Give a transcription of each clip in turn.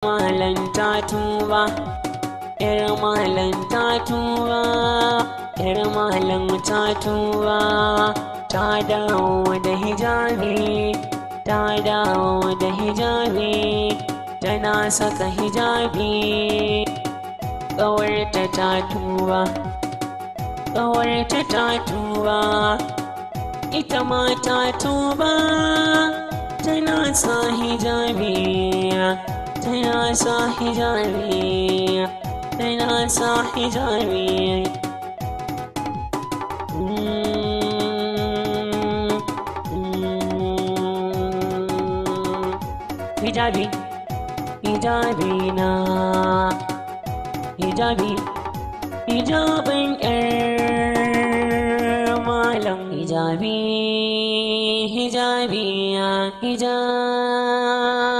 ta tuba yar malanta tuba yar malanta tuba ta dawo da hijabi ta dawo da hijabi tana saka hijabi Kawar ta tuba ta ta tuba ita ma ta tuba tana sa hijabi Tana sa hijabi, tana sa hijabi. Mm, mm, mm. Hijabi, hijabi na, hijabi, hijabin ƴar malam hijabi, hijabi ya hijabi.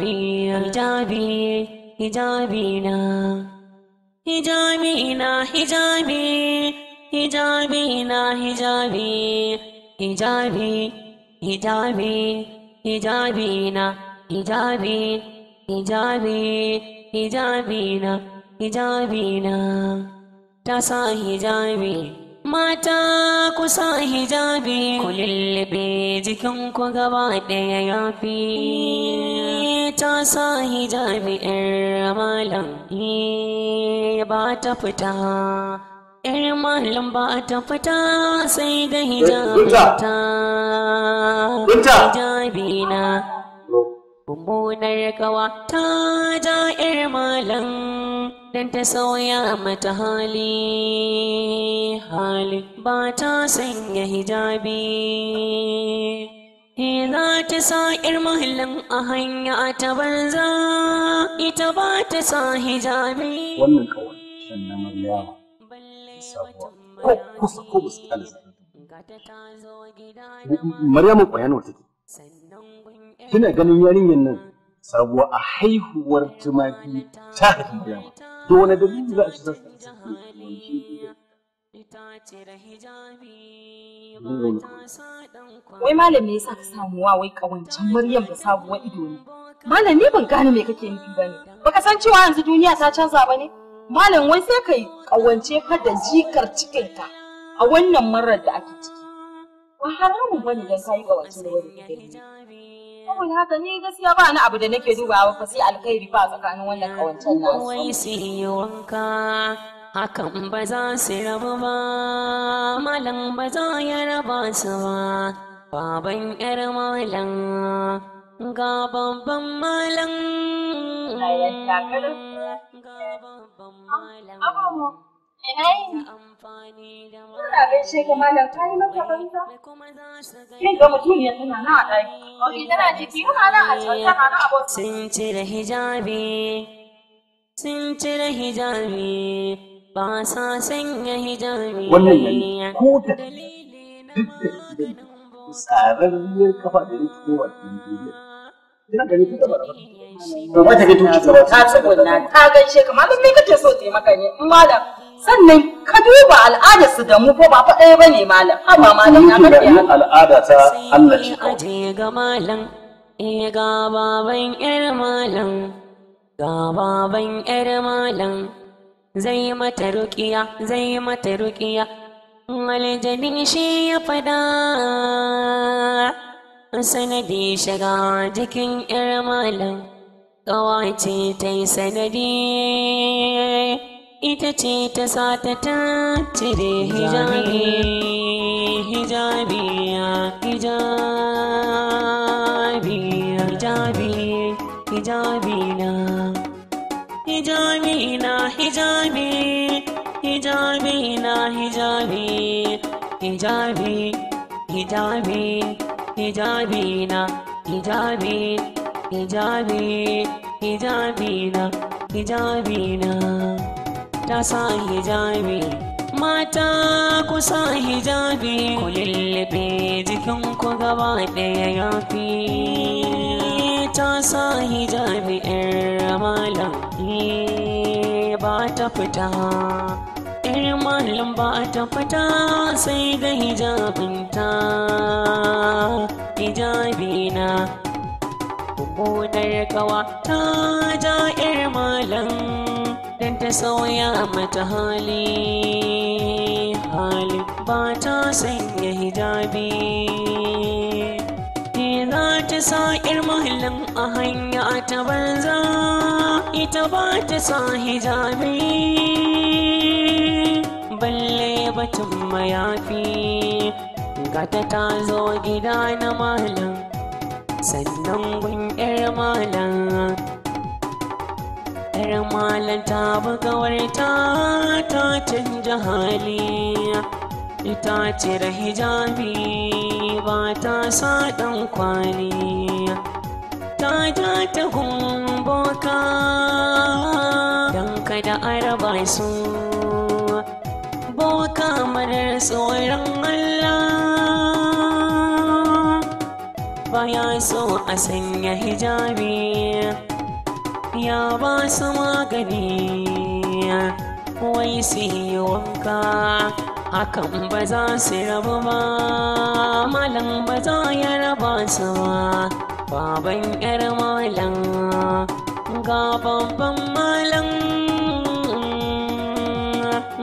hijabi hijabi hijabi na hijabi na hijabi hijabi na hijabi hijabi hijabi hijabi na hijabi hijabi hijabi na hijabi na ta sa hijabi Mata kusa hijabi ku lullube jikinku gaba ɗaya ya fi. ta sa hijabi ‘yar malam eh, ba ta fita. ɗin malam ba ta fita sai da eh, hijabi ta hijabi na. Mummunar kawa ta ja ‘yar malam. dan ta sauya mata hali hali ba ta sanya hijabi za ta sa ƴar mahallin a hanya ta banza ita ba ta sa hijabi. Wannan kawai shan na Maryawa sabuwa ko kusa ko su kyale Maryamu ƙwayanuwar take. Kina ganin yarinyar nan sabuwa a haihuwar tumaki ta haifin Maryamu. to wani dalili za a ci zasu Wai malam me yasa ka samu wa wai kawancan Maryam da sabuwar ido ne? Malam ni ban gane me kake nufi ba ne. Baka san cewa yanzu duniya ta canza ba ne? Malam wai sai kai kawance ka da jikar cikinka a wannan marar da ake ciki. Ba haramun ba ne don ka yi kawance da wani kawai haka ni gaskiya ba ni abu da nake dubawa fa sai alkhairi fa tsakanin wannan kawancen nasu wai su yi wanka hakan ba za su rabu ba malam ba za ya raba su ba baban yar malam ga babban malam ga babban malam Ina gaishe ka malam ka yi maka banza. Kin ga mutum ɗaki. tana jiki nan a Sun cire hijabi. Sun cire hijabi. Ba sa sanya hijabi. Wannan da tsararriyar kafa da ni ko a cikin duniya. Ina gani ta gaba da ba. Ba ta ga tuki ta ba. Ta tsugunna ta gaishe ka malam me kake so ta yi maka ne? Malam sannan ka duba al'adar su da mu ko ba faɗaya ba ne malam amma malam ya kafiya al'ada ta Allah shi kawai ga malam ga baban yar malam ga baban yar malam zai mata rukiya zai mata rukiya aljanin shi ya fada sanadi shiga jikin yar malam kawace ta yi sanadi ita ce ta sa ta cire hijabi hijabi hijabi hijabi hijabi na hijabi na hijabi hijabi na hijabi hijabi hijabi hijabi na hijabi hijabi hijabi na hijabi na ta sa hijabi mata ku sa hijabi ku jikin ku gaba ɗaya ya yafi ta sa hijabi ɗin ramala ba ta fita malam ba ta fita sai da hijabinta na. ƙunar kawa ta ja 'yar malam don ta sauya mata hali hali ba ta sanya hijabi za ta sa ir a hanya ta banza ita ba ta sa hijabi balle batun mayafi gata ta zo gida na malam sannan gun 'yar malam 'yar malanta bugawarta ta canja hali ita cire hijabi ba ta sa ɗan kwali ta ja ta gumboka don kada araba su boka marar tsoron Allah baya so a sanya hijabi ya ba su magani wai su yi wanka hakan ba za su rabu ba malam ba za ya raba su ba baban yar malam ga babban malam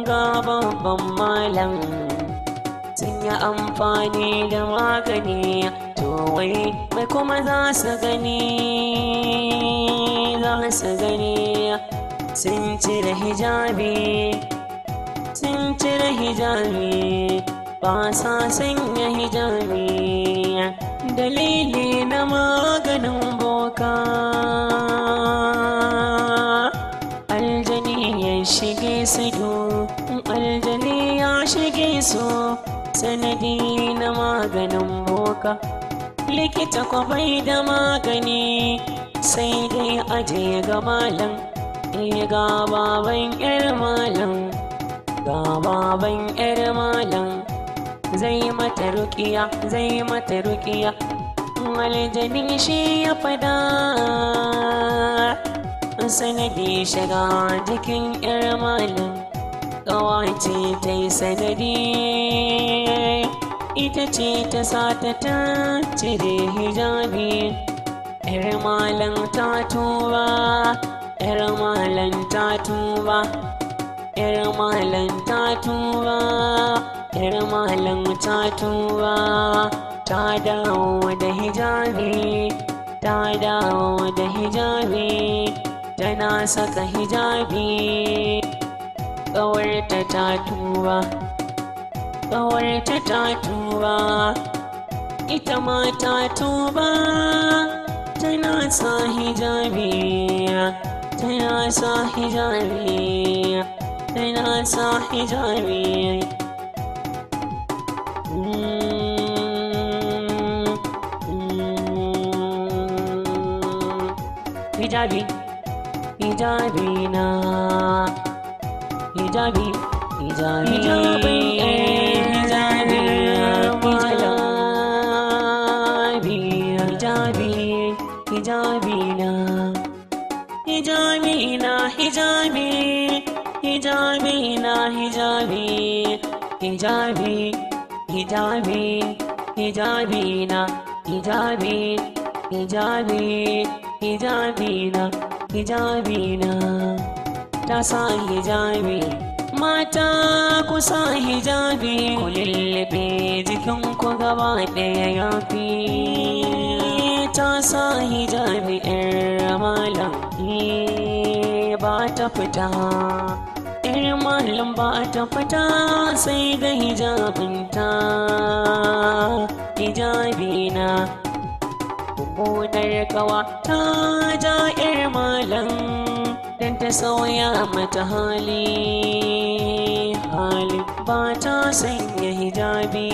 ga babban malam sun yi amfani da magani to wai mai kuma za su gani za gani sun cire hijabi sun cire hijabi ba sa sanya hijabi dalili na maganin boka aljani ya shige su aljani ya shige su sanadi na maganin boka likita kwabai da magani sai dai aje ga malam ga baban yar malam ga baban yar malam zai mata rukiya zai mata rukiya maljani shi ya fada sanadi shiga jikin yar malam kawace ta yi sanadi ita ce ta sata ta cire hijabi ‘yar malam ta tuba ‘yar malam ta tuba ‘yar malam ta tuba ‘yar malam ta tuba ta dawo da hijabi ta dawo da hijabi tana saka hijabi ƙawarta ta tuba ƙawarta ta tuba ita ma ta tuba tana sa hijabi tana sa hijabi tana sa hijabi hijabi hijabi na hijabi hijabi hijabi eh. hijabi hijabi na hijabi hijabi hijabi hijabi na hijabi hijabi hijabi na hijabi na ta sa hijabi mata kusa hijabi ku lullube jikinku gaba ɗaya ya fi ta sa hijabi 'yan malam ba ta fita yar malam ba ta fita sai ga hijabinta hijabina mummunar kawa ta ja yar malam don ta sauya mata hali hali ba ta sanya hijabi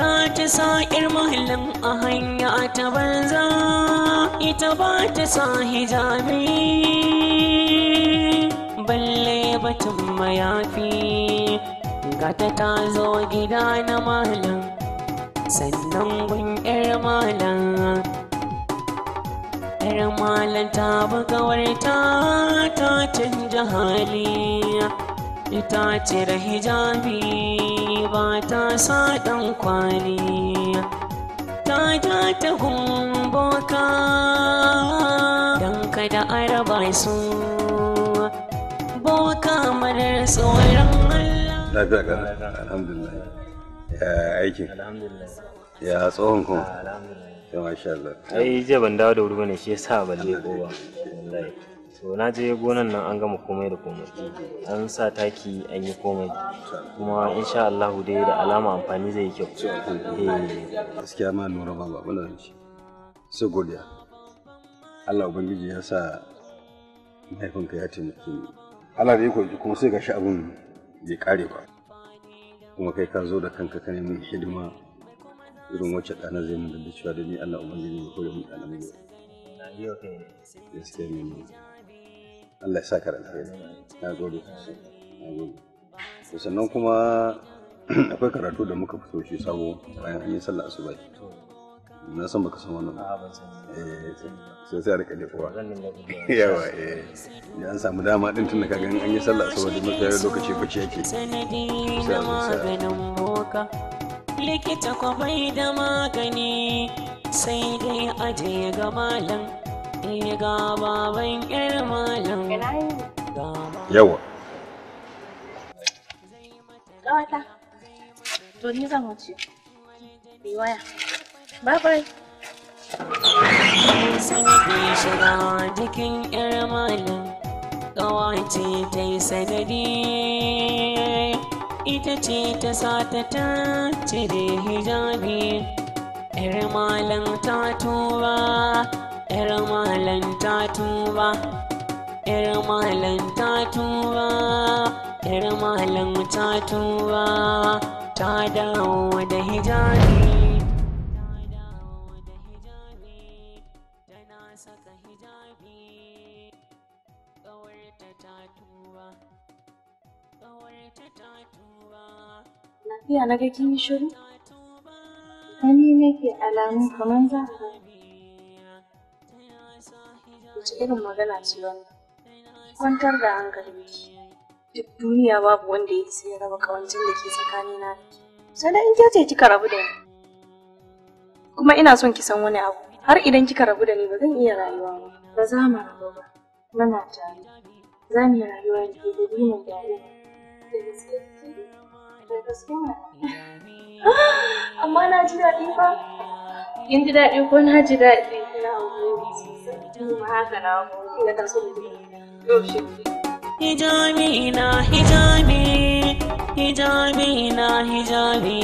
za ta sa ir malam a hanya ta banza ita bata sa hijabi balle batun mayafi gata ta zo gida na malam sannan gun yar malam yar malam ta buga warta ta canja hali ita cire hijabi ba ta sa dan kwaliya ta ta ta boka don kada a raba su boka marar tsoron Allah. Lafiya ka alhamdulillah ya ya tsohon kuma ya masha Allah. Ai ban dawo da wuri bane shi yasa ko ba. Wallahi. so na je gonan nan an gama komai da komai an sa taki an yi komai kuma insha Allah dai da alama amfani zai yi kyau eh. gaskiya ma nura ba ba bala shi sai godiya Allah ubangiji ya sa mahaifinka ya taimake ni Allah da yake kuma sai gashi abun bai kare ba kuma kai ka zo da kanka ka nemi hidima irin wacce ɗana zai mun da cewa da ni Allah ubangiji ya kore mun ɗana mai yau. Gaskiya nuna. Allah ya sa ka alheri na gode sosai na gode to sannan kuma akwai karatu da muka fito shi sabo bayan an yi sallah asuba na san baka san wannan eh, sai sai a rika lefowa yawa eh an samu dama din tun da gani an yi sallah saboda mafi lokaci bace yake sai a zo sai likita da magani sai dai aje ga malam yawa ƙawata to ni zan wuce bi waya bye bye sun yi shiga jikin yar malam ƙawace ta yi sanadi ita ce ta sata ta cire hijabi yar malam ta tura. 'yar malam ta tuba ƴar malam ta tuba ƴar malam ta tuba ta dawo da hijabi ta dawo da hijabi tana saka hijabi ƙawarta ta tuba lafiya na ga shiru Wani nake alamu kamar za a wace irin magana ce wannan kwantar da hankali. duk duniya babu wanda ya sai raba kawancin da ke tsakanina da ke sannan in ce kika rabu da ni kuma ina son ki san wani abu har idan kika rabu da ni ba zan iya rayuwa ba ba za mu rabu ba muna tare za mu yi rayuwa da ke da mu tare da gaske da gaske amma na ji daɗi ba. in ji daɗi ko na ji daɗi ina gode haka na inda ta so hijabi na hijabi hijabi na hijabi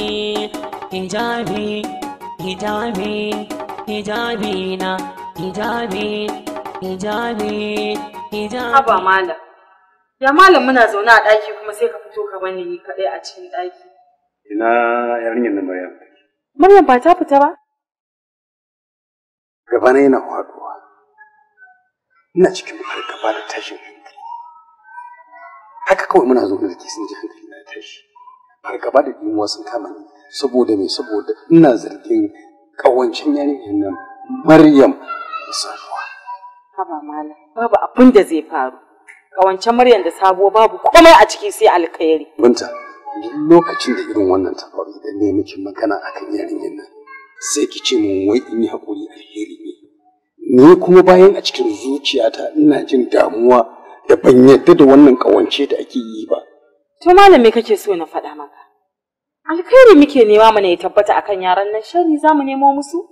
hijabi hijabi hijabi na hijabi hijabi hijabi haba malam ya malam muna zaune a ɗaki kuma sai ka fito ka bani ni kaɗai a cikin ɗaki ina yarinyar na maryam maryam ba ta fita ba gaba na yana faɗuwa ina cikin fargaba da tashin hankali haka kawai muna zo da ke sun ji hankali na tashi fargaba da dimuwa sun kama ni saboda me saboda ina zargin kawancin yarinyar nan maryam da sabuwa haba malam babu abin da zai faru kawancin maryam da sabuwa babu komai a ciki sai alkhairi binta duk lokacin da irin wannan ta faru idan ne miki magana akan yarinyar nan sai ki ce mun wai in yi haƙuri ni kuma bayan a cikin zuciyata ina jin damuwa da ban yadda da wannan kawance da ake yi ba. To malam kake so na faɗa maka? Alkhairi muke nema mana ya tabbata akan yaran nan shari za mu nemo musu?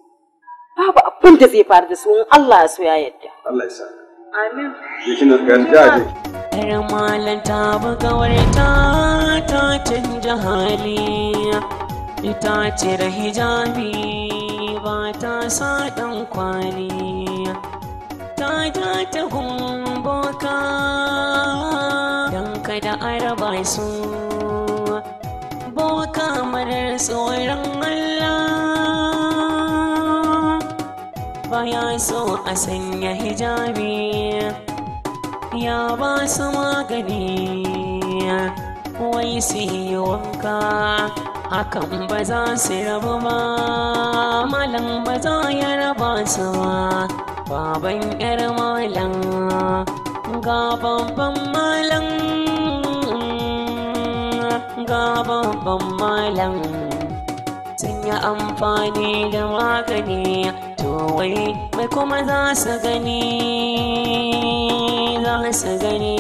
Babu abin da zai faru da su in Allah ya so ya yarda. Allah ya sa. Amin. Yakin da ne. Yar malam ta buga warta ta canja hali. Ita ce hijabi. ba ta sa ɗan kwani ta ja ta boka. don kada araba su boka marar tsoron Allah baya so a sanya hijabi ya ba su magani wai su yi wanka hakan ba za su rabu ba malam ba ya raba su ba baban yar malam ga babban malam ga babban malam sun yi amfani da magani to wai mai kuma za su gani za su gani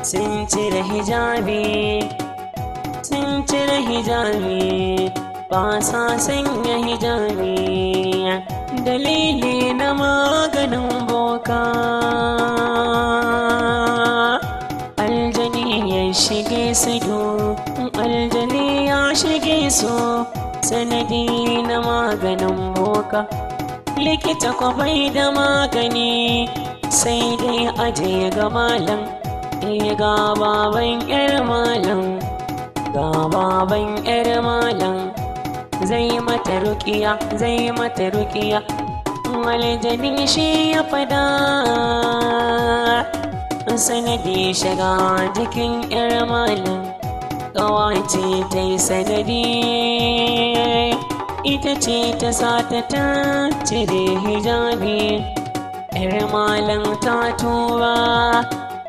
sun cire hijabi cire hijabi ba sa sanya hijabi dalili na maganin boka aljani ya shige su aljani ya shige su sanadi na maganin boka likita kwabai da magani sai dai aje ga malam ga baban 'yar malam ga baban yar malam zai mata rukiya zai mata rukiya maljani shi ya fada sanadi shiga jikin yar malam kawace ta yi sanadi ita ce ta sata ta cire hijabi yar malam ta tuba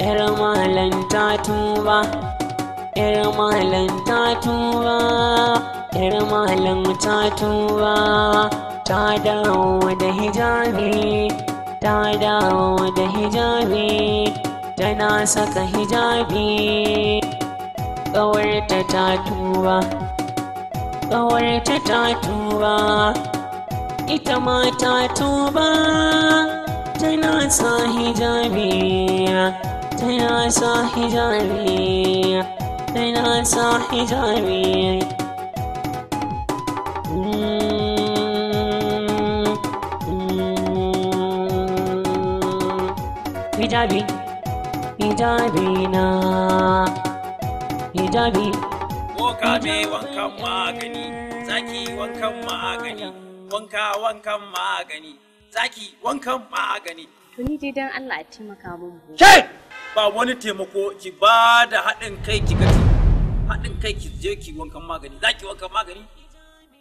yar malam ta tuba 'yar malam ta tura yar malam ta tura ta dawo da hijabi ta dawo da hijabi tana saka hijabi ƙawarta ta tura ƙawarta ta tura ita ma ta tuba tana sa hijabi tana sa hijabi sai na sa hijabi hijabi hijabi na hijabi woka me wankan magani zaki wankan magani wanka wankan magani zaki wankan magani Tuni ni dai dan Allah ya taimaka mun ke ba wani taimako ki ba da haɗin kai ki gaci haɗin kai ki je ki wankan magani za ki wankan magani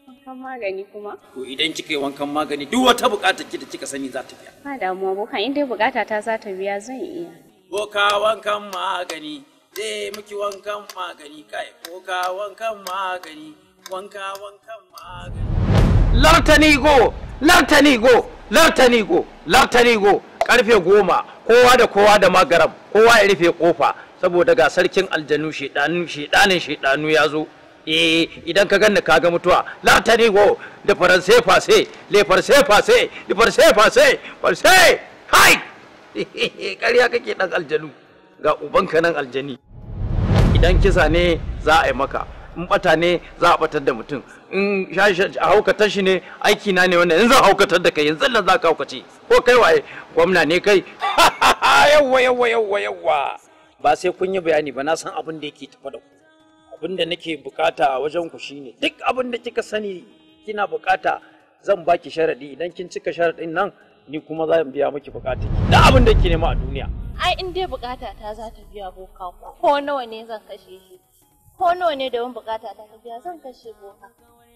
wankan magani kuma Ko idan kika yi wankan magani duk wata buƙatar ki da kika sani za ta biya ba damuwa boka in dai buƙata ta za ta biya zan iya boka wankan magani zai miki wankan magani kai boka wankan magani wanka wankan magani lartani go lartani go lartani go lartani go karfe goma kowa da kowa da magarab kowa ya rufe kofa saboda ga sarkin aljanu shiɗanin shiɗanu ya zo eh idan ka ganni ka ga mutuwa la ta go da faransai fase le faransai fase le faransai fase faransai hai kariya kake dan aljanu ga ubanka nan aljani idan kisa ne za a yi maka in bata ne za a batar da mutum in haukatar shi ne aiki na ne wannan in zan haukatar da kai yanzu nan za ka haukace ko kai waye gwamna ne kai yawwa yawwa yawwa yawwa ba sai kun yi bayani ba na san abin da yake tafa da ku abin da nake bukata a wajen ku shine duk abin da kika sani kina bukata zan baki sharadi idan kin cika sharadin nan ni kuma zan biya miki bukata da abin da kike nema a duniya ai in dai bukata ta za ta biya ka ko nawa ne zan kashe shi ko nawa ne da wani bukata ta tafiya zan kashe goma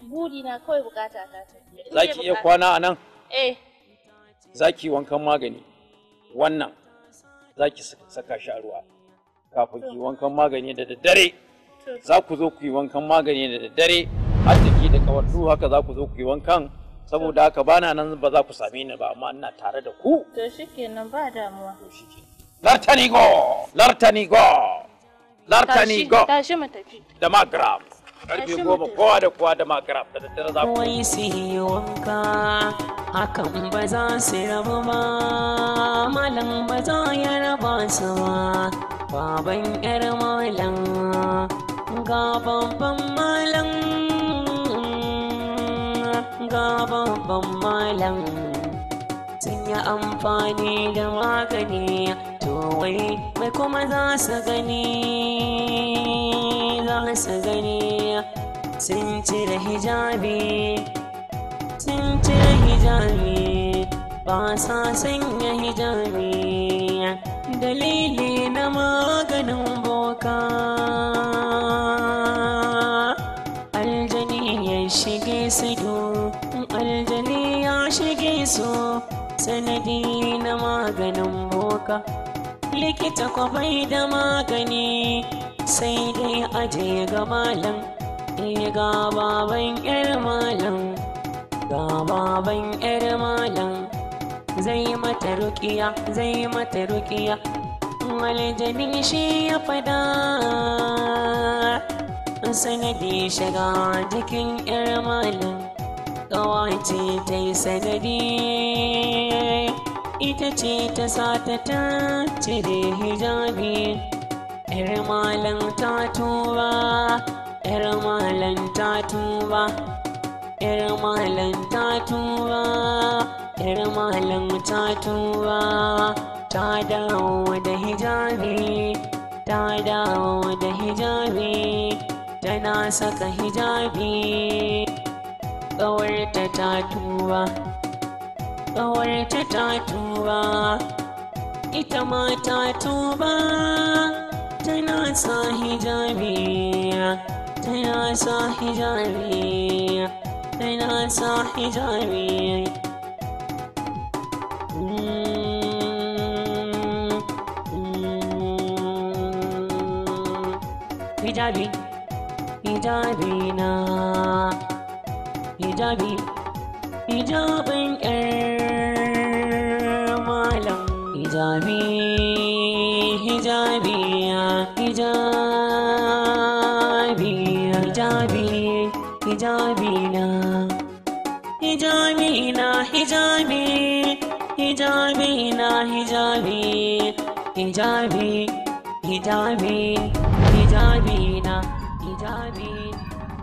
buri na kawai bukata ta tafiya za ki iya kwana a nan eh za ki wankan magani wannan za ki saka shi a ruwa kafin ki wankan magani da daddare za ku zo ku yi wankan magani da daddare har da ki da kawardu haka za ku zo ku yi wankan saboda haka bana nan ba za ku same ni ba amma ina tare da ku to shikenan ba damuwa to shikenan lartani go lartani go lartani go tashi mu tafi da magram karfe goma kowa da kowa da magram da daddare za ku wai su wanka hakan ba za su rabu ba malam ba za ya raba su ba baban yar malam ga babban malam ga babban malam sun yi amfani da magani wai mai kuma za su gani za su gani sun cire hijabi sun cire hijabi ba sa sanya hijabi dalili na maganin boka aljani ya shige su aljani ya shige su sanadi na maganin boka likita ko bai da magani sai dai aje ga malam eh, ga baban yar malam ga baban yar malam zai mata rukiya zai mata rukiya maljani shi ya fada sanadi shiga jikin yar malam kawace ta yi sanadi ita ce ta sa ta tace da hijabi ‘yar malam ta tuba ‘yar malam ta tuba ‘yar malam ta tuba ‘yar malam ta tuba ta dawo da hijabi ta dawo da hijabi tana saka hijabi ƙawarta ta tuba ƙawarta ta tuba ita ma ta tuba tana sa hijabi tana sa hijabi tana sa hijabi hijabi hijabi na hijabi hijabin ƴar hijabi hijabi hijabi hijabi hijabi na hijabi na hijabi hijabi na hijabi hijabi hijabi hijabi na hijabi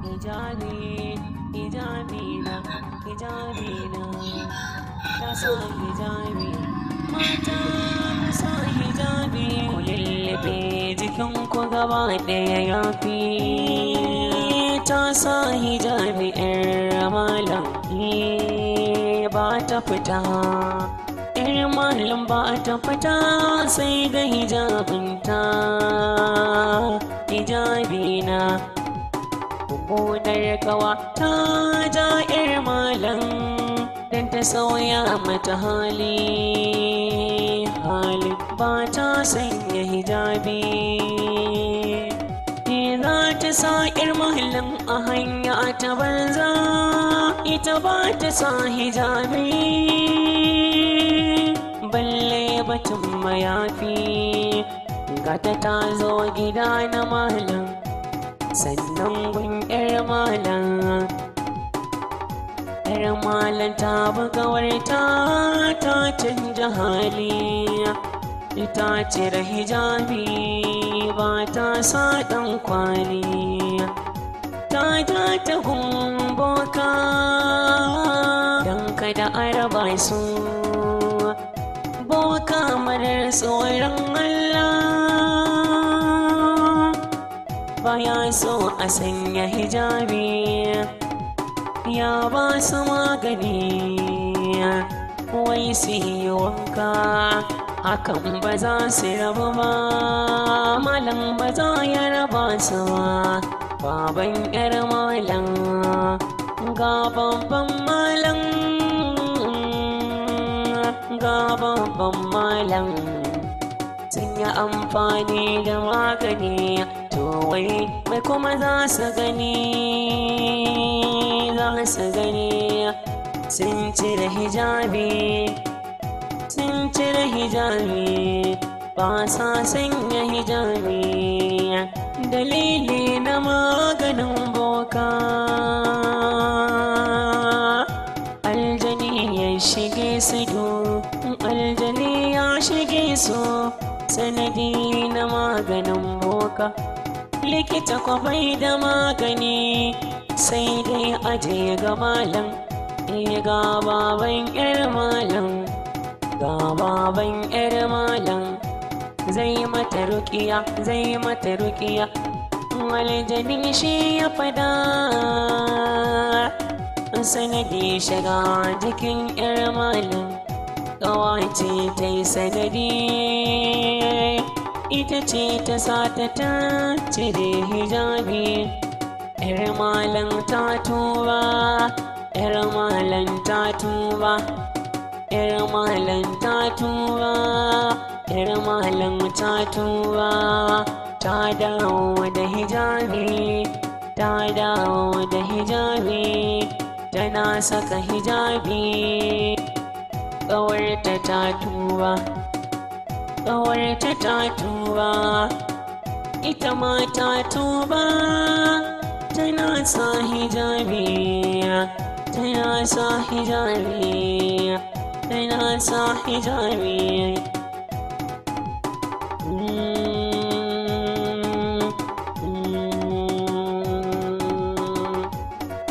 hijabi hijabi na hijabi na hijabi na hijabi ku lullube jikin ku gaba ɗaya ya fi ta sa hijabi malam, ba ta fita ɗin malam ba ta fita sai da hijabinta hijabi na kawa ta ja ‘yar malam don ta sauya mata hali hali bata sanya hijabi za ta sa ƴar mahallin a hanya ta banza ita ba sa hijabi balle batun mayafi gata ta zo gida na malam sannan gun ƴar malam ƴar malam ta bugawar ta ta canja hali ita ce da hijabi ba ta sa ɗan kwali ta ja ta gumboka don kada araba su boka marar tsoron Allah ba ya so a sanya hijabi ya ba su magani wai su yi wanka hakan ba za su rabu ba malam ba za ya raba su ba baban yar malam ga babban malam ga babban malam sun yi amfani da magani to wai mai kuma za su gani za su gani sun cire hijabi sun ba sa sanya hijabi dalili na maganin boka aljani ya shige su aljani ya shige su sanadi na maganin boka likita kwabai da magani sai dai aje ga malam ga baban yar malam ga baban yar malam zai mata rukiya zai mata rukiya waljanin shi ya fada sanadi shiga jikin yar malam kawace ta yi sanadi ita ce ta sata ta cire hijabi yar malam ta tuba 'yar malam ta tuba ‘yar malam ta tuba ‘yar malam ta tuba ta dawo da hijabi ta dawo da hijabi tana saka hijabi ƙawarta ta tuba ƙawarta ta tuba ita ma ta tuba tana sa hijabi yana sa hijabi yana sa hijabi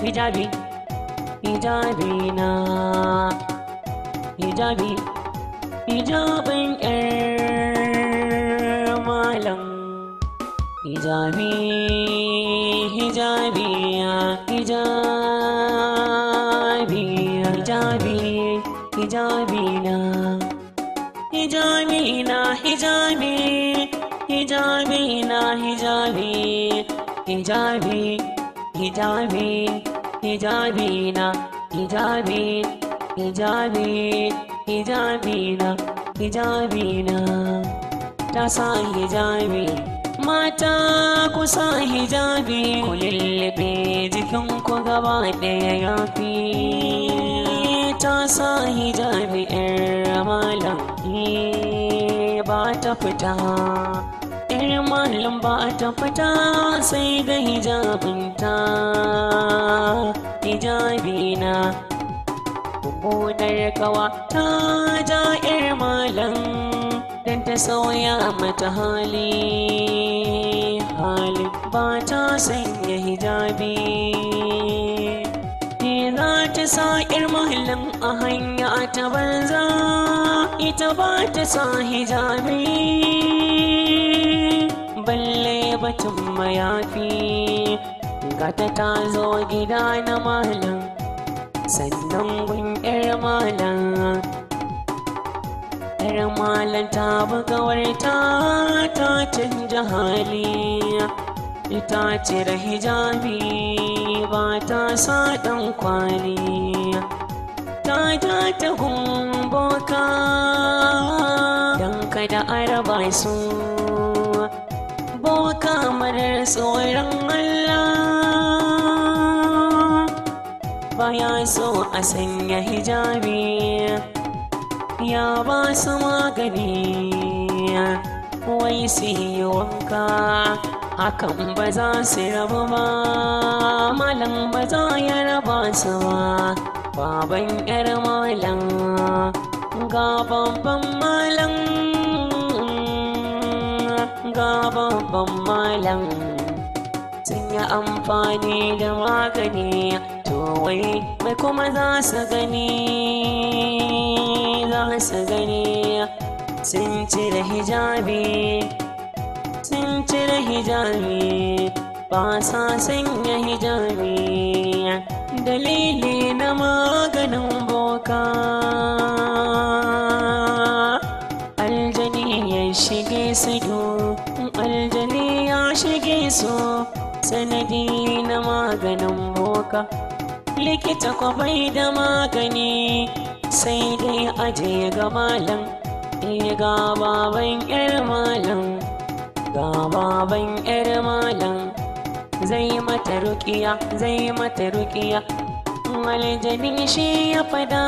hijabi hijabi na hijabi hijabi ƴar malam hijabi hijabi ya hijabina hijabina hijabi hijabina hijabi hijabi hijabi hijabina hijabi hijabi hijabina hijabina ta sa hijabi mata kusa hijabi ku lullube jikinku gaba daya yafi ta sa hijabi ‘yar malam ba ta fita. ‘Yar malam ba ta fita sai da hijabinta, hijabi na. kawa ta ja ‘yar malam don ta sauya mata hali. Halin ba ta sanya hijabi. ta sa ir mahallin a hanya ta banza ita ba ta sa hijabi balle batun mayafi gata ta zo gida na malam sannan gun yar malam yar malam ta buga ta ta canja hali ita cire hijabi ba ta sa ɗan kwali ta ta ta gumboka don kada araba su boka marar tsoron Allah ba ya so a sanya hijabi ya ba su magani wai su yi wanka hakan ba za su rabu ba malam ba za ya raba su ba baban yar malam ga babban malam ga babban malam sun yi amfani da magani to wai mai kuma za su gani za su gani sun cire hijabi sun cire hijabi ba sa sanya hijabi dalili na maganin boka aljani ya shige su aljani ya shige su sanadi na maganin boka likita kwabai da magani sai dai aje ga malam ga baban yar malam ga baban yar malam zai mata rukiya zai mata rukiya maljani shi ya fada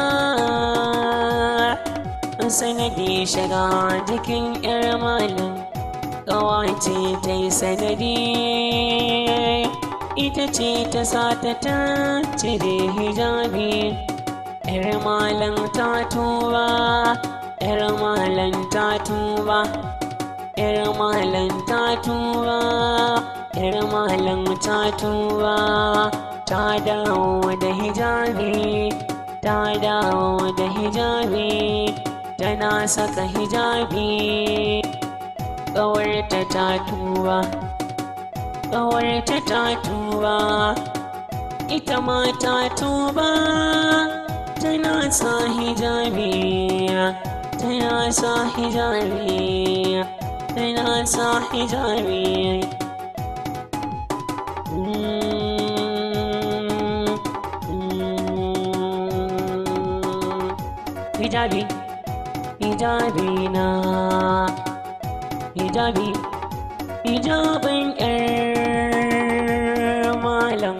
sanadi shiga jikin yar malam kawace ta yi sanadi ita ce ta sata ta cire hijabi yar malam ta tuba yar malam ta tuba 'yar malam ta tura yar malam ta tura ta dawo da hijabi ta dawo da hijabi tana saka hijabi ƙawarta ta tura ƙawarta ta tura ita ma ta tuba tana sa hijabi tana sa hijabi sai na sa hijabi hijabi hijabi na hijabi hijabin yar malam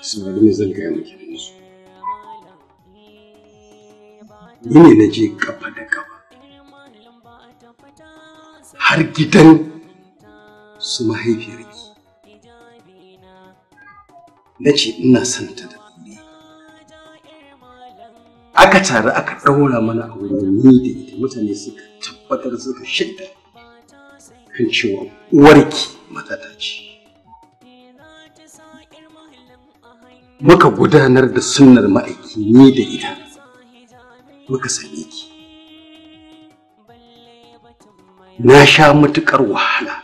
samarin zan gaya miki yanzu ni ne na je kafa da kafa har gidan su mahaifiyarki na ce ina son ta da kuɗi aka tare aka ɗaura mana a wurin ni da ita mutane suka tabbatar suka shaida kan cewa uwarki matata ce muka gudanar da sunnar ma'aiki ni da ita muka same ki na sha matuƙar wahala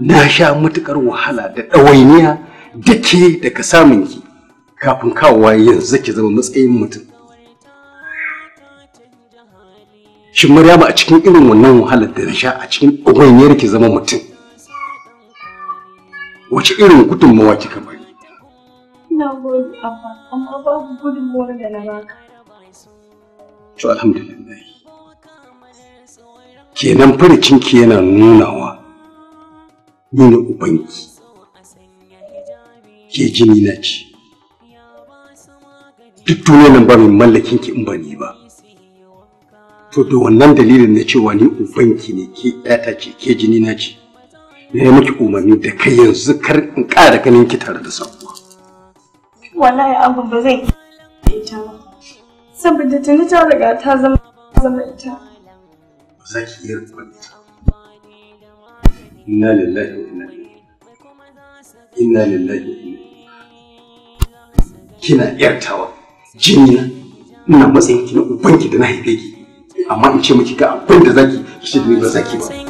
na sha matuƙar wahala da ɗawainiya da ke daga samun ki kafin kawowa yanzu ki zama matsayin mutum shin maryama a cikin irin wannan wahalar da na sha a cikin ɗawainiyar ki zama mutum wace irin gudunmawa kika bari ina gode abba amma da na baka to alhamdulillah kenan yana nunawa ni ubangi, ubanki ke jini na ce duk duniyar ba mai mallakin ki in ba ni ba to da wannan dalilin na cewa ni ubanki ne ke ƴata ce ke jini na ce na yi miki umarni da kai yanzu kar in ƙara ganin ki tare da sabuwa wallahi abu ba zai ita ba saboda tuni ta riga ta zama zama ita za ki iya rubuta inna lillahi wa inna ilaihi inna lillahi wa inna kina yartawa jini na ina matsayin ki na ubanki da na haife ki amma in ce miki ga abin da zaki ki ce ba zaki ba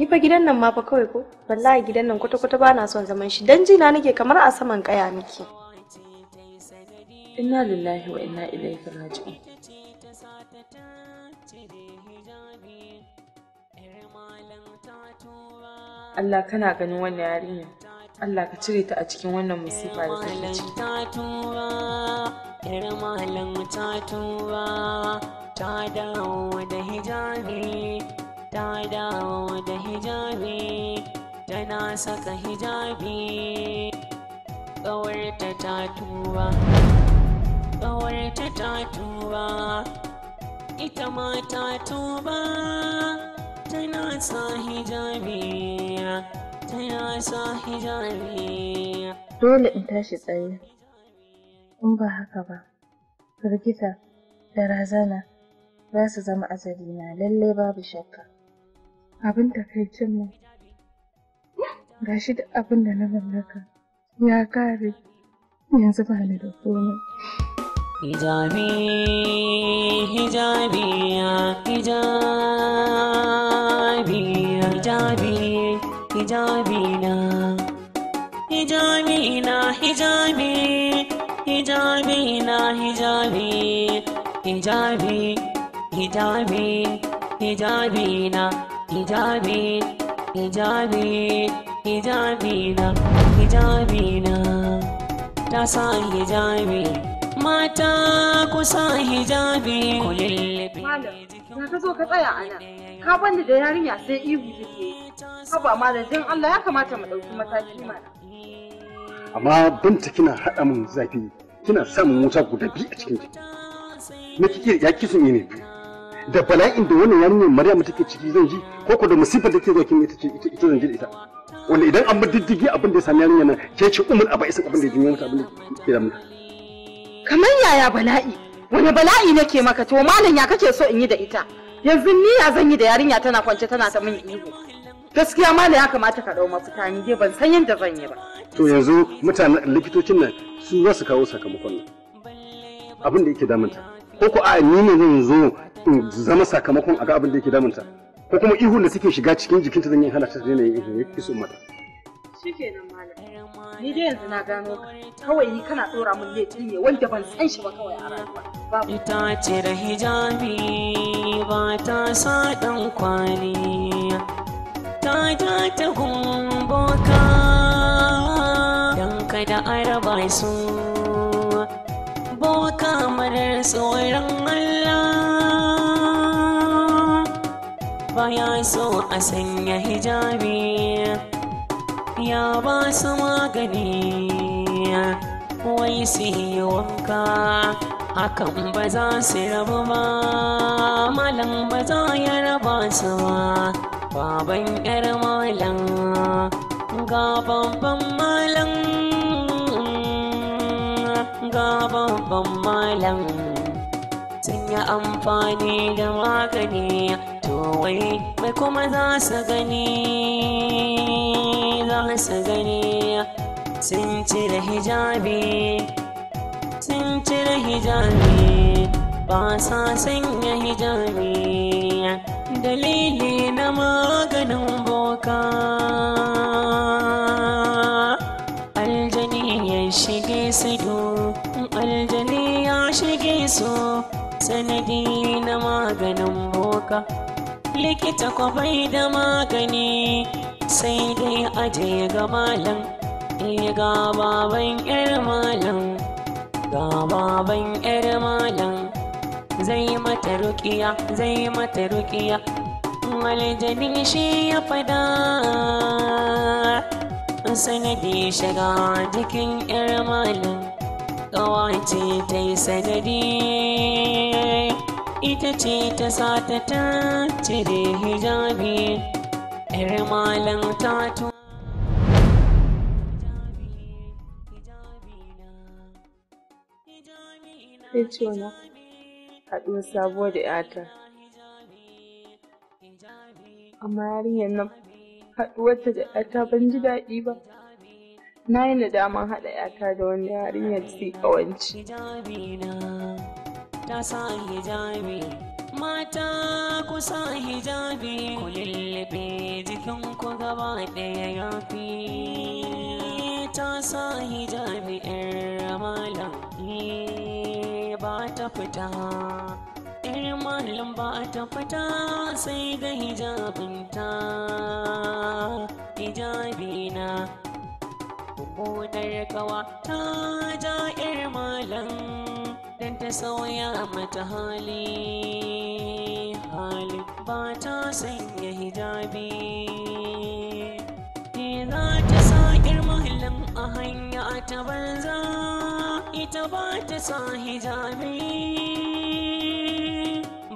ni fa gidan nan ma fa kawai ko wallahi gidan nan kwata-kwata ba na son zaman shi dan jina nake kamar a saman kaya miki inna lillahi wa inna ilaihi raji'un Allah kana ganin wannan yarinya Allah ka cire ta a cikin wannan musifa da take ciki ta dawo da hijabi ta dawo da hijabi tana saka hijabi ƙawarta ta tuba ƙawarta ta tuba ita ma ta tuba tana sa hijabi tana sa hijabi dole in tashi tsaye in ba haka ba firgita da razana za su zama azalina lallai babu shakka abin takaicin nan gashi da abin da na mallaka ya kare yanzu ba ni da komai hijabi hijabi hijabi hijabi hijabi na hijabi na hijabi hijabi na hijabi hijabi hijabi hijabi na hijabi hijabi hijabi na hijabi na ta sa hijabi mata kusa hijabi ku lullube na ka zo ka tsaya a nan ka bani da yarinya sai ihu take haba malam dan Allah ya kamata mu dauki mataki mana amma binta kina haɗa min zafi kina samun wuta guda biyu a cikin ki na kike ya kisan ne biyu da bala'in da wannan yarinyar Maryamu take ciki zan ji ko ko da musibar da take zo kin ita ce ita zan ji da ita wanda idan an bi abin da ya sami yarinya nan ke ce umul isa abin da ya jinyar abin da ke da mu kamar yaya bala'i wani bala'i nake maka to malam ya kake so in yi da ita yanzu ni ya zan yi da yarinya tana kwance tana ta min ihu gaskiya malam ya kamata ka dau mafita ni dai ban san yadda zan yi ba to yanzu mutanen likitocin nan su za su kawo sakamakon nan abin da yake damunta ko ko a ni ne zan zo Mm, zama sakamakon a ga abin da yake damunta ko kuma ihun da suke shiga cikin jikinta zan yi hana ta daina yin ihu ya fi so mata shikenan malam ni dai yanzu na gano kawai ni kana dora min laifin ne wanda ban san shi ba kawai a rayuwa ita ce da hijabi ba ta sa dan kwali ta ja ta gumboka dan kada araba su boka marar tsoron Allah ya so a sanya hijabi ya ba su magani wai su yi wanka hakan ba za su rabu ba malam ba za ya raba su ba baban yar malam ga babban malam ga babban malam sun yi amfani da magani wai mai kuma za su gani za su gani sun cire hijabi sun cire hijabi ba sa sanya hijabi dalili na maganin boka aljani ya shige su aljani ya shige su sanadi na maganin boka likita ko bai da magani sai dai aje ga malam ga baban yar malam ga baban yar malam zai mata rukiya zai mata rukiya maljani shi ya fada sanadi shiga jikin yar malam kawace ta yi sanadi ita ce ta sa ta tace da hijabi ‘yar malam ta Ficciona, haɗuwar sabuwa da ‘yata. Amma yarinyar nan haɗuwarta da ‘yata ban ji daɗi ba. Na yi damar haɗa ‘yata da wani yarinyar sai ƙawanci. sa hijabi mata kusa hijabi ku jikin jikinku gaba ɗaya ya fi ta sa hijabi ‘yan ramala ba ta fita malam ba ta fita sai da hijabinta hijabi na ƙunar kawa ta ja yar malam don ta sauya mata hali hali ba ta sanya hijabi za ta sa mahallin a hanya ta banza ita ba ta sa hijabi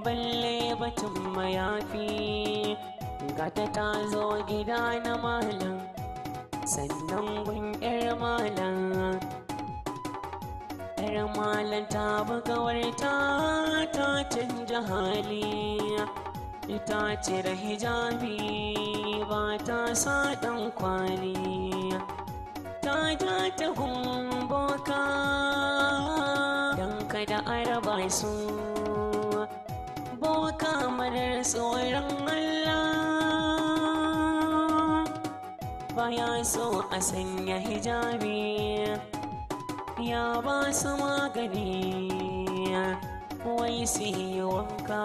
balle batun mayafi gata ta zo gida na malam sannan gun 'yar malam Yar malan ta buga ta ta canja hali Ita ce da hijabi ba ta sa dan kwali Ta ja ta humboka dan kada araba su Boka marar tsoron Allah Baya so a sanya hijabi ya ba su magani wai su yi wanka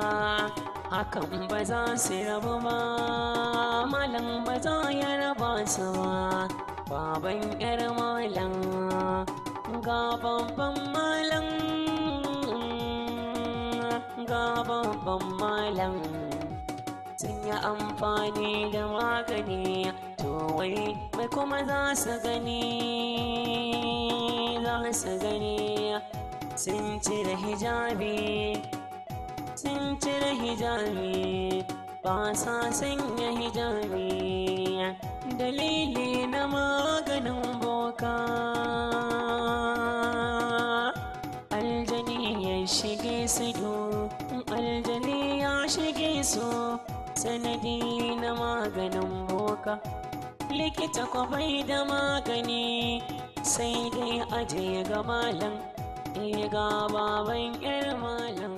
hakan ba za su rabu ba malam ba za ya raba su ba baban yar malam ga babban malam ga babban malam sun yi amfani da magani wai mai kuma za su gani za su gani sun cire hijabi sun cire hijabi ba sa sanya hijabi dalili na maganin boka aljani ya shige su duru aljani ya shige su sanadi na maganin boka likita ko bai da magani sai dai aje ga malam ga baban yar malam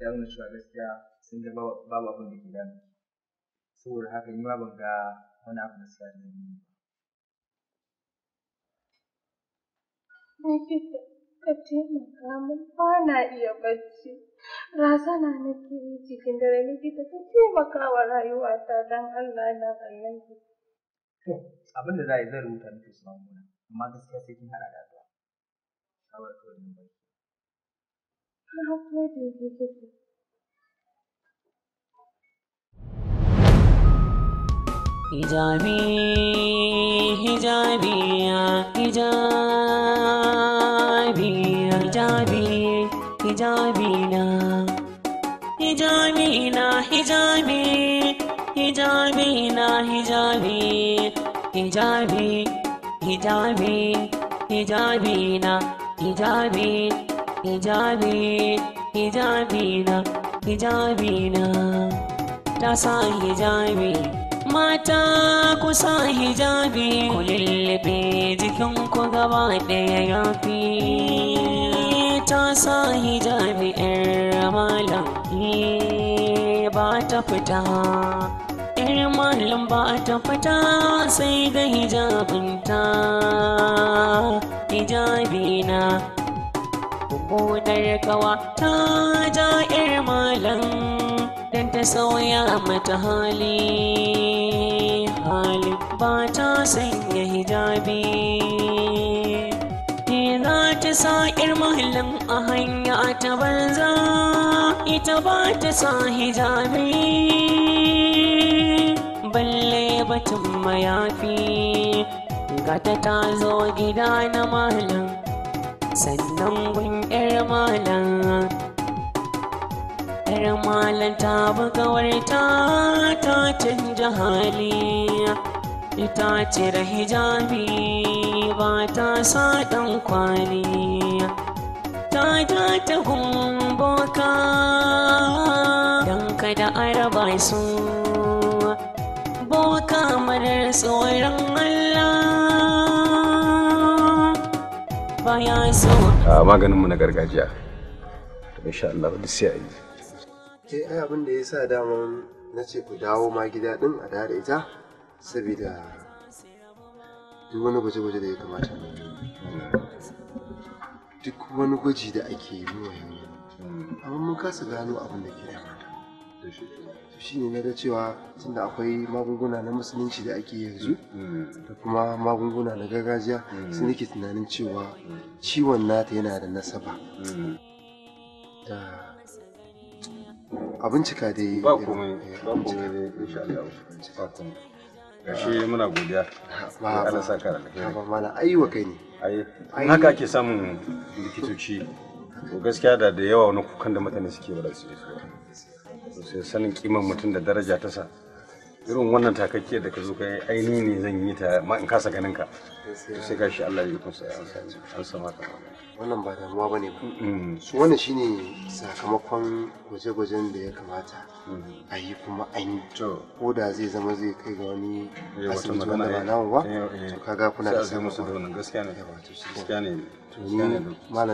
ya nuna cewa gaskiya sun ga babu abin da ke damu saboda haka ni ma ban ga wani abu da suka ne ba. Likita ka taimaka min ba na iya bacci. razana nake yi cikin dare likita ta taimaka wa rayuwata don Allah na don annabi. To, abin da za a yi zan rubuta miki su magunguna, amma gaskiya sai kin hada da addu'a. Shawara kawai da bai. Na gode likita. Hijabi, hijabi, hijabi, hijabi. hijabina hijabina hijabi hijabina hijabi hijabi hijabi hijabina hijabi hijabi hijabina hijabina ta sa hijabi mata ku sa hijabi ku lullube jikinku gaba ɗaya yafi ta sa hijabi ‘yar malam ba ta fita. ‘Yar malam ba ta fita sai da hijabinta, hijabi na. kawa ta ja ‘yar malam don ta sauya mata hali, hali ba ta sanya hijabi. sa'ir mahallin a hanya ta banza ita ba ta sa hijabi balle batun mayafi gata ta zo gida na malam sannan gun yar malam yar malam ta buga warta ta canja hali ita cire hijabi ba ta sa ɗan kwali ta ta ta humboka don kada araba su boka marar tsoron Allah baya so a maganinmu na gargajiya insha Allah da sai a yi ke abin da ya sa damar na ce ku dawo ma gida din a da ita saboda duk wani gwaje-gwaje da ya kamata duk wani gwaji da ake yi wa yanzu amma mun kasa gano abin da ke mata to shi ne na ga cewa tunda akwai magunguna na musulunci da ake yanzu da kuma magunguna na gargajiya sun nake tunanin cewa ciwon nata yana da nasaba da abincika dai ba komai ba komai insha Allah ba komai gashi muna godiya Allah saka alheri ba aiwa kai ne ai haka ake samun likitoci to gaskiya da da yawa wani kukan da mutane suke ba da su sai sanin kiman mutum da daraja ta sa irin wannan takakke da ka zo kai aini ne zan yi ta ma in kasa ganin ka sai ka shi Allah ya kusa an sama ka wannan ba damuwa bane ba mm. su wannan shine sakamakon gwaje-gwajen da ya kamata a yi kuma an yi ko da zai zama zai kai ga wani eh, asibiti wanda ba na ba eh, eh. to kaga kuna da sai musu da wannan gaskiya ne gaskiya ne malam zan a ma ba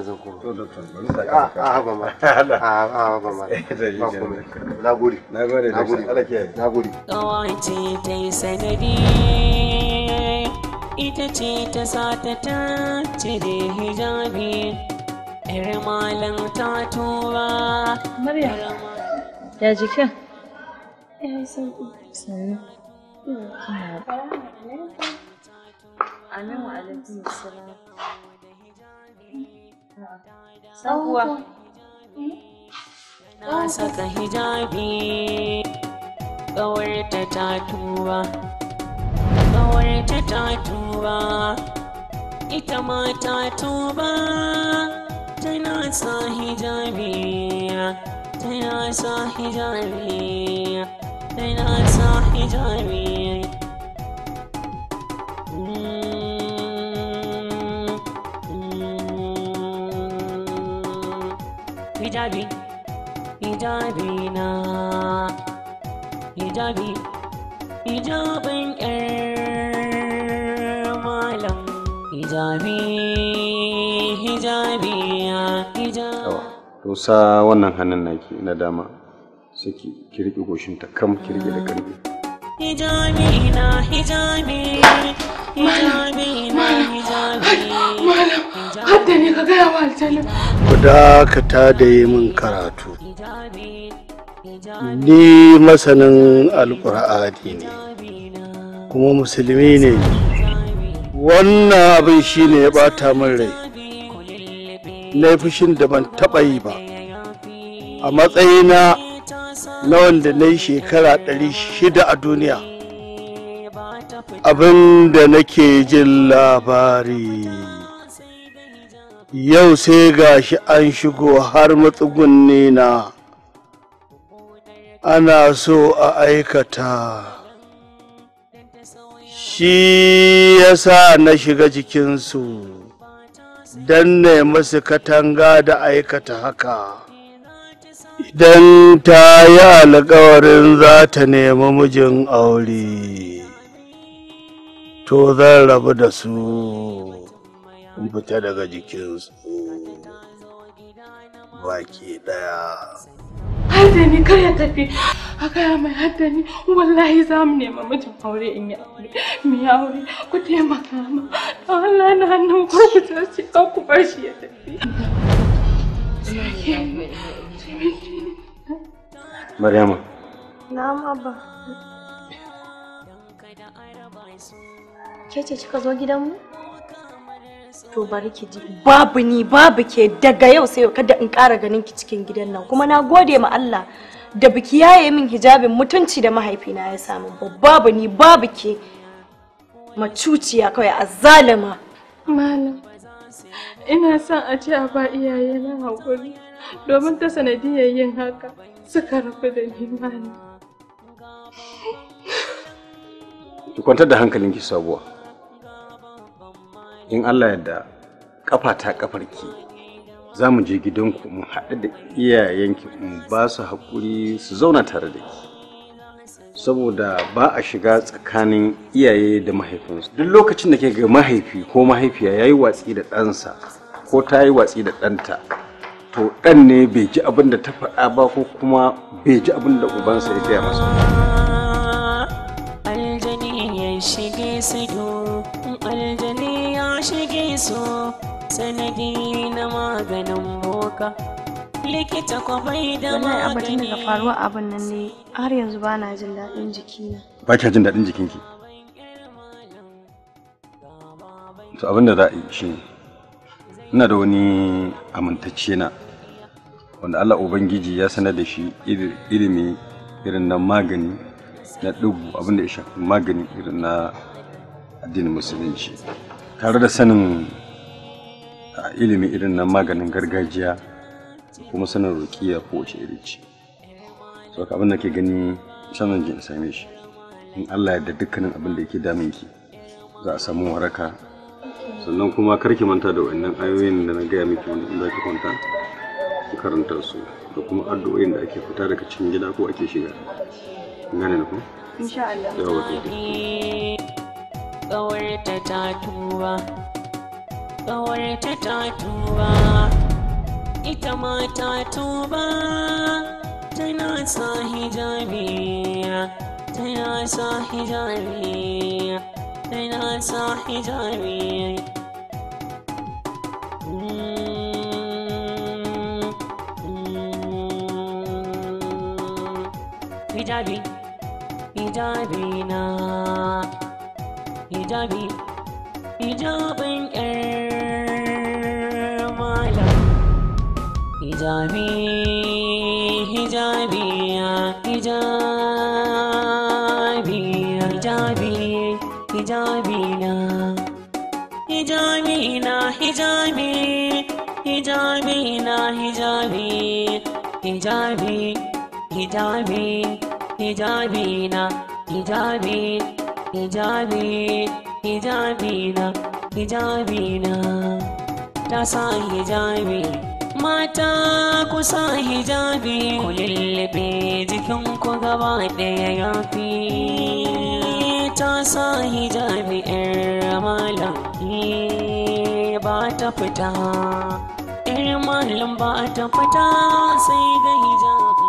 na na na ta yi sanadi ita ce ta sa ta tace da hijabi yar malam ta tuba maryam ya ya yi Sabuwa. Hmm? Na saka hijabi, kawar ta tuba, ƙawarta ta tuba, ita ma ta tuba, tana sa hijabi, tana sa hijabi, tana sa hijabi. hijabi hijabi na hijabi hijabin yar malam hijabi hijabi wannan hannun naki na dama ki kirki goshin ta kam kirki da karfi hijabi na hijabi hijabi na hijabi malam hadda ne ka gaya wa aljalin ku dakata da yi min karatu ni masanin alkur'ani ne kuma musulmi ne wannan abin shi ne ya bata min rai na fushin da ban taba yi ba a matsayina na wanda na yi shekara ɗari a duniya abin da nake jin labari yau sai ga shi an shigo har matsugunni na ana so a aikata shi sa na shiga jikinsu don ne masu katanga da aikata haka idan ta yi alkawarin za ta nemi mijin aure to zan rabu da su sun fita daga jikinsu baki daya. ni kar ya tafi, a gaya mai ni wallahi za mu nema mijin aure in yi aure, mu yi aure ku taimaka ma, ta Allah na hannun ku ku ce ka ku bar shi ya tafi. Maryama. Na'am abba. Ke ce kika zo gidanmu? to bari ki ji babu ni babu ke daga yau sai kada in ƙara ganin ki cikin gidan nan kuma na gode ma Allah da biki yaye min hijabin mutunci da mahaifina ya samu babu ni babu ke macuciya kawai azzalima malam ina son a ce a ba iyaye haƙuri domin ta sanadiyar yin haka suka rufe da ni malam ki kwantar da hankalinki sabuwa in Allah yadda kafa ta kafarki za mu je gidanku mu haɗu da iyayenki mu ba su haƙuri su zauna tare da ki saboda ba a shiga tsakanin iyaye da mahaifinsu duk lokacin da ke ga mahaifi ko mahaifiya ya yi watsi da ɗansa ko ta yi watsi da ɗanta to ɗan ne bai ji abin da ta faɗa ba ko kuma bai ji abin da ubansa ya gaya masa. Aljani so sanadi na maganin boka likita ko bai da magani abin da faruwa abin nan ne har yanzu ba na jin daɗin jikina ba kya jin daɗin jikinki to abin da za a yi shi ina da wani amintacce na wanda Allah Ubangiji ya sanar da shi ilimi irin na magani na dubu abin da ya shafi magani irin na addinin musulunci tare da sanin ilimi irin na maganin gargajiya kuma sanin roƙiya kowace iri ce ka abin da ke gani sanin jin same shi in Allah ya da dukkanin abin da yake damin ki za a samu waraka sannan kuma karki ki manta da wannan ayoyin da na gaya miki wani in ki kwanta ki karanta su da kuma addu'o'in da ake fita daga cikin gida ko ake shiga gane na ko insha Allah ƙawarta ta tuba ƙawarta ta tuba ita ma ta tuba tana sa hijabi tana sa hijabi tana sa hijabi hijabi hijabi na hijabi hijabin yar malam hijabi hijabi hijabi hijabi hijabi na hijabi na hijabi hijabi na hijabi hijabi hijabi hijabi na hijabi hijabi hijabi na hijabi na ta sa hijabi mata ku sa hijabi ku lullube jikin ku gaba ɗaya yafi ta sa hijabi ƴan ramala ba ta fita ƴan malam ba ta fita sai da hijabi